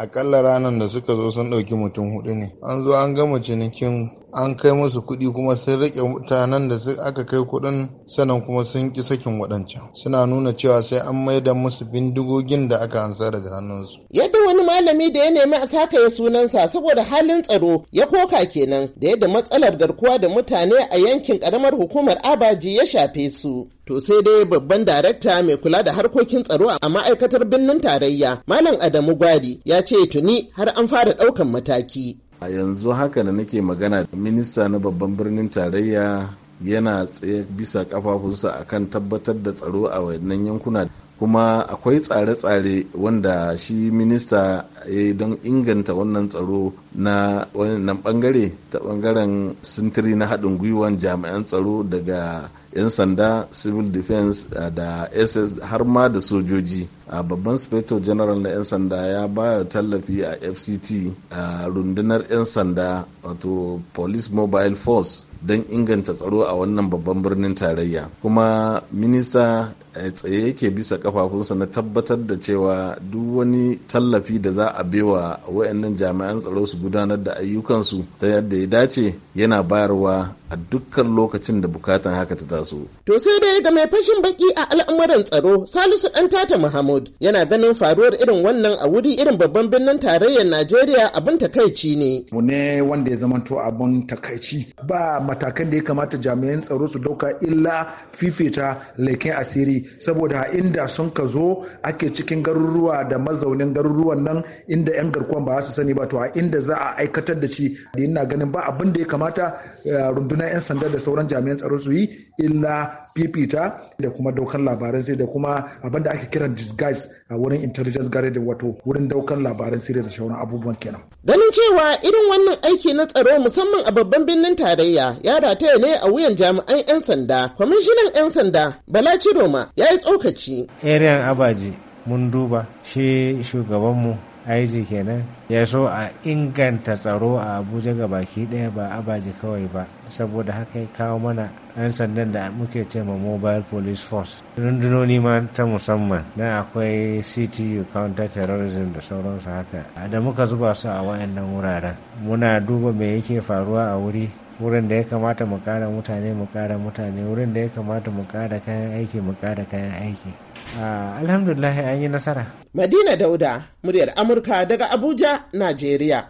Aƙalla ranar da suka zo sun ɗauki mutum huɗu ne. An zo an gama cinikin an kai musu kuɗi kuma sun rike mutanen da aka kai kuɗin sannan kuma sun ki sakin waɗancan suna nuna cewa sai an maida musu bindigogin da aka ansa daga hannunsu yadda wani malami da ya nemi a saka ya sunansa saboda halin tsaro ya koka kenan da yadda matsalar garkuwa da mutane a yankin karamar hukumar abaji ya shafe su to sai dai babban darakta mai kula da harkokin tsaro a ma'aikatar birnin tarayya malam adamu gwari ya ce tuni har an fara ɗaukan mataki a yanzu haka da nake magana da minista na babban birnin tarayya yana tsaye bisa kafafunsa akan tabbatar da tsaro a wannan yankuna kuma akwai tsare-tsare wanda shi minista ya yi don inganta wannan tsaro na wannan bangare ta bangaren sintiri na haɗin gwiwan jami'an tsaro daga 'yan sanda civil defense da ss har ma da sojoji a babban spato general na 'yan sanda ya baya tallafi a fct a rundunar 'yan sanda wato police mobile force don inganta tsaro a wannan babban birnin tarayya kuma minista eh, tsaye yake bisa kafafunsa na tabbatar da cewa duk wani tallafi da za a bewa wayannan jami'an tsaro su gudanar da ayyukansu ta yadda ya dace yana bayarwa a dukkan lokacin da bukatan haka ta taso. To sai dai ga mai fashin baki a al'amuran tsaro Salisu ɗan tata Muhammad yana ganin faruwar irin wannan a wuri irin babban birnin tarayyar Najeriya abin takaici ne. Mu ne wanda ya zamanto abin takaici ba matakan da ya kamata jami'an tsaro su dauka illa fifita leken asiri saboda inda sun ka zo ake cikin garuruwa da mazaunin garuruwan nan inda 'yan garkuwan ba su sani ba to a inda za a aikatar da shi da ina ganin ba abin da ya kamata eh, na 'yan sanda da sauran jami'an tsaro su yi illa fifita da kuma daukan labaran sirri da kuma abin da ake kiran disguise a wurin intelligence da wato wurin daukar labaran sirri da sauran abubuwan kenan. Ganin cewa irin wannan aiki na tsaro musamman a babban birnin tarayya ya rataya ne a wuyan jami'an 'yan sanda. Kwamishinan 'yan sanda Bala Ciroma ya yi tsokaci. Arian Abaji mun duba shi shugabanmu IG kenan ya so a inganta tsaro a Abuja ga baki ɗaya ba abaji kawai ba saboda haka ya kawo mana 'yan sandan da muke ce ma mobile police force rundunoni ma ta musamman na akwai ctu counter terrorism da sauransu haka da muka zuba su a wayannan wuraren muna duba me yake faruwa a wuri wurin da ya kamata mu kara mutane mu kara mutane wurin da ya kamata mu kara kayan aiki mu kara kayan aiki Ah, alhamdulillah an yi nasara madina dauda muryar amurka daga abuja najeriya